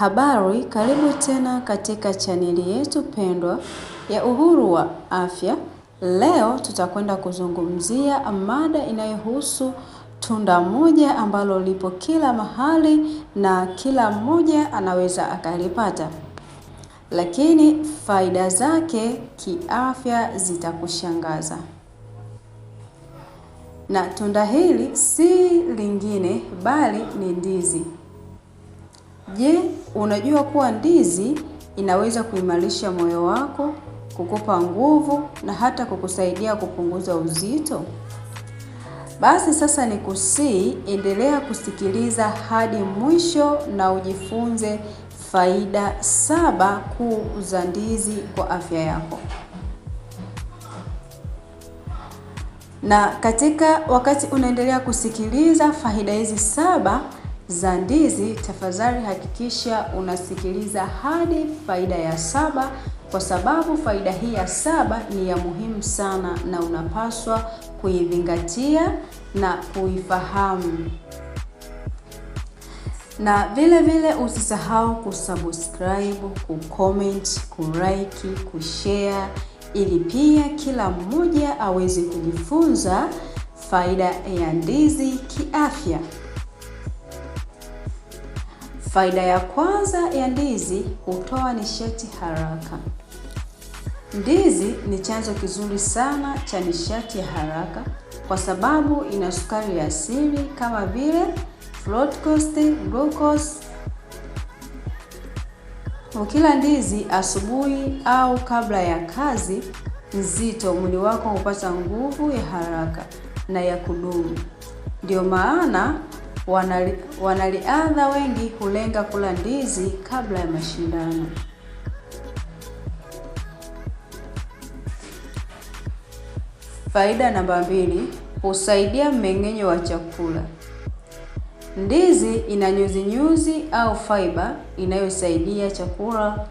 Habari, karibu tena katika chaneli yetu pendwa ya Uhuru wa Afya. Leo tutakwenda kuzungumzia mada inayohusu tunda moja ambalo lipo kila mahali na kila mmoja anaweza akalipata, lakini faida zake kiafya zitakushangaza. Na tunda hili si lingine bali ni ndizi. Je, unajua kuwa ndizi inaweza kuimarisha moyo wako, kukupa nguvu na hata kukusaidia kupunguza uzito? Basi sasa ni kusii endelea kusikiliza hadi mwisho na ujifunze faida saba kuu za ndizi kwa afya yako. Na katika wakati unaendelea kusikiliza faida hizi saba za ndizi, tafadhali hakikisha unasikiliza hadi faida ya saba, kwa sababu faida hii ya saba ni ya muhimu sana na unapaswa kuizingatia na kuifahamu na vile vile usisahau kusubscribe, kucomment, kulike, kushare ili pia kila mmoja aweze kujifunza faida ya ndizi kiafya. Faida ya kwanza ya ndizi, hutoa nishati haraka. Ndizi ni chanzo kizuri sana cha nishati ya haraka kwa sababu ina sukari ya asili kama vile fructose, glucose. Ukila ndizi asubuhi au kabla ya kazi nzito, mwili wako hupata nguvu ya haraka na ya kudumu. Ndiyo maana wanaliadha wanariadha wengi hulenga kula ndizi kabla ya mashindano. Faida namba mbili, husaidia mmeng'enyo wa chakula. Ndizi ina nyuzinyuzi au fiber inayosaidia chakula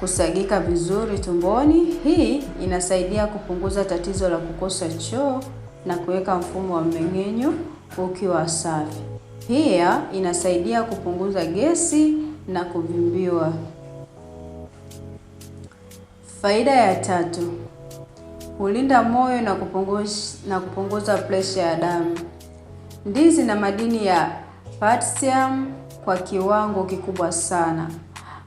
kusagika vizuri tumboni. Hii inasaidia kupunguza tatizo la kukosa choo na kuweka mfumo wa mmeng'enyo ukiwa safi. Pia inasaidia kupunguza gesi na kuvimbiwa. Faida ya tatu, hulinda moyo na kupunguza, na kupunguza presha ya damu. Ndizi na madini ya potassium kwa kiwango kikubwa sana.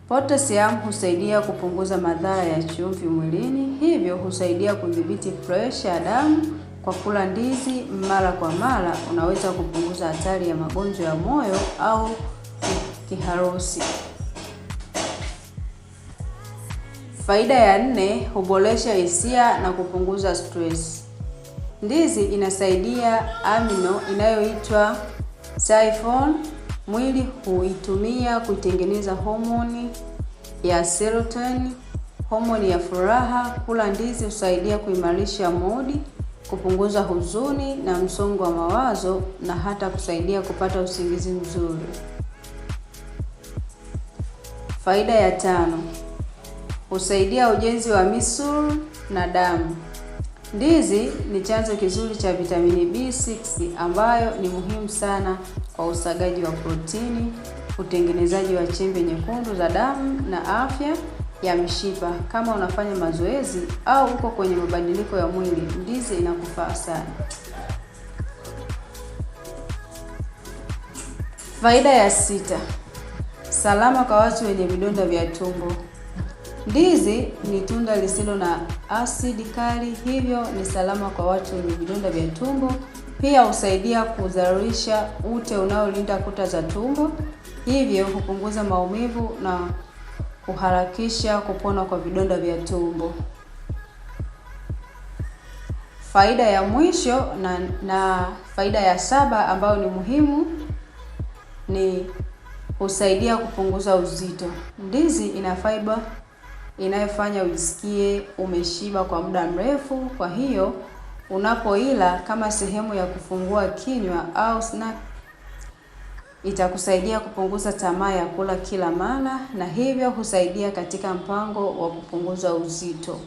Potassium husaidia kupunguza madhara ya chumvi mwilini, hivyo husaidia kudhibiti presha ya damu kwa kula ndizi mara kwa mara, unaweza kupunguza hatari ya magonjwa ya moyo au kiharusi. Faida ya nne, huboresha hisia na kupunguza stress. Ndizi inasaidia amino inayoitwa siphon. Mwili huitumia kutengeneza homoni ya serotonin, homoni ya furaha. Kula ndizi husaidia kuimarisha modi kupunguza huzuni na msongo wa mawazo na hata kusaidia kupata usingizi mzuri. Faida ya tano, husaidia ujenzi wa misuli na damu. Ndizi ni chanzo kizuri cha vitamini B6 ambayo ni muhimu sana kwa usagaji wa protini, utengenezaji wa chembe nyekundu za damu na afya ya mishipa. Kama unafanya mazoezi au uko kwenye mabadiliko ya mwili, ndizi inakufaa sana. Faida ya sita: salama kwa watu wenye vidonda vya tumbo. Ndizi ni tunda lisilo na asidi kali, hivyo ni salama kwa watu wenye vidonda vya tumbo. Pia husaidia kuzalisha ute unaolinda kuta za tumbo, hivyo hupunguza maumivu na kuharakisha kupona kwa vidonda vya tumbo. Faida ya mwisho na, na faida ya saba ambayo ni muhimu ni husaidia kupunguza uzito. Ndizi ina fiber inayofanya ujisikie umeshiba kwa muda mrefu, kwa hiyo unapoila kama sehemu ya kufungua kinywa au snack itakusaidia kupunguza tamaa ya kula kila mara na hivyo husaidia katika mpango wa kupunguza uzito.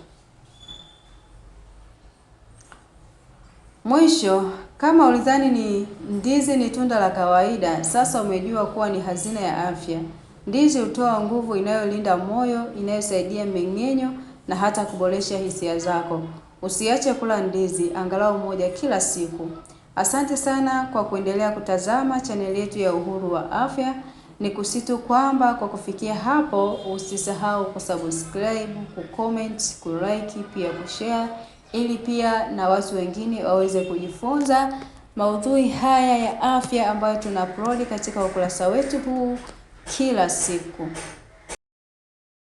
Mwisho, kama ulidhani ni ndizi ni tunda la kawaida, sasa umejua kuwa ni hazina ya afya. Ndizi hutoa nguvu inayolinda moyo, inayosaidia mengenyo na hata kuboresha hisia zako. Usiache kula ndizi, angalau moja kila siku. Asante sana kwa kuendelea kutazama chaneli yetu ya Uhuru wa Afya. Ni kusitu kwamba kwa kufikia hapo, usisahau kusubscribe, kucomment, kulike, pia kushare, ili pia na watu wengine waweze kujifunza maudhui haya ya afya ambayo tuna upload katika ukurasa wetu huu kila siku.